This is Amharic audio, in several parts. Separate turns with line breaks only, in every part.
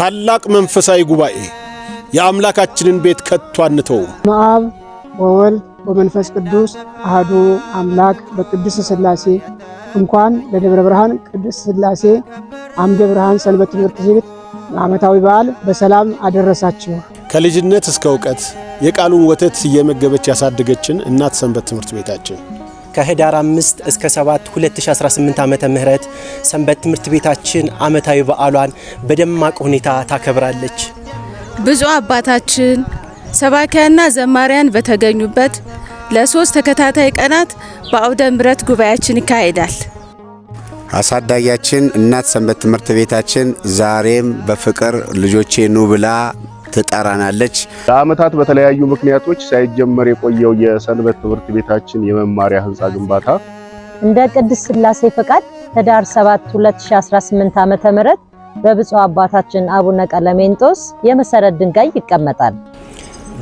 ታላቅ መንፈሳዊ ጉባኤ የአምላካችንን ቤት ከቶ አንተውም።
መአብ ወወልድ ወመንፈስ ቅዱስ አህዱ አምላክ በቅድስ ሥላሴ እንኳን ለደብረ ብርሃን ቅድስ ሥላሴ አምደ ብርሃን ሰንበት ትምህርት ቤት ዓመታዊ በዓል በሰላም አደረሳችሁ።
ከልጅነት እስከ እውቀት የቃሉን ወተት እየመገበች ያሳደገችን እናት ሰንበት ትምህርት ቤታችን
ከህዳር 5 እስከ 7 2018 ዓመተ ምህረት ሰንበት ትምህርት ቤታችን አመታዊ በዓሏን በደማቅ ሁኔታ ታከብራለች።
ብዙ አባታችን ሰባኪያና ዘማሪያን በተገኙበት ለሶስት ተከታታይ ቀናት በአውደ ምረት ጉባኤያችን ይካሄዳል።
አሳዳጊያችን እናት ሰንበት ትምህርት ቤታችን ዛሬም በፍቅር ልጆቼ ኑ ብላ ትጠራናለች።
ለአመታት በተለያዩ ምክንያቶች ሳይጀመር የቆየው የሰንበት ትምህርት ቤታችን የመማሪያ ህንፃ ግንባታ
እንደ ቅድስት ስላሴ ፈቃድ ህዳር 7 2018 ዓ.ም በብፁዕ አባታችን አቡነ ቀለሜንጦስ የመሰረት ድንጋይ ይቀመጣል።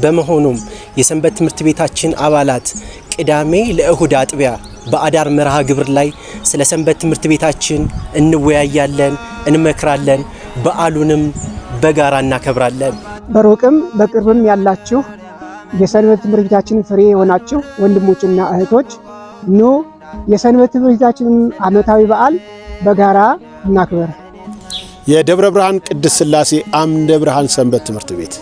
በመሆኑም የሰንበት ትምህርት ቤታችን አባላት ቅዳሜ ለእሁድ አጥቢያ በአዳር መርሃ ግብር ላይ ስለ ሰንበት ትምህርት ቤታችን እንወያያለን፣ እንመክራለን። በዓሉንም በጋራ እናከብራለን።
በሩቅም በቅርብም ያላችሁ የሰንበት ትምህርት ቤታችን ፍሬ የሆናችሁ ወንድሞችና እህቶች ኑ የሰንበት ትምህርት ቤታችንን ዓመታዊ በዓል በጋራ እናክበር።
የደብረ ብርሃን ቅድስት ሥላሴ አምደ ብርሃን ሰንበት ትምህርት ቤት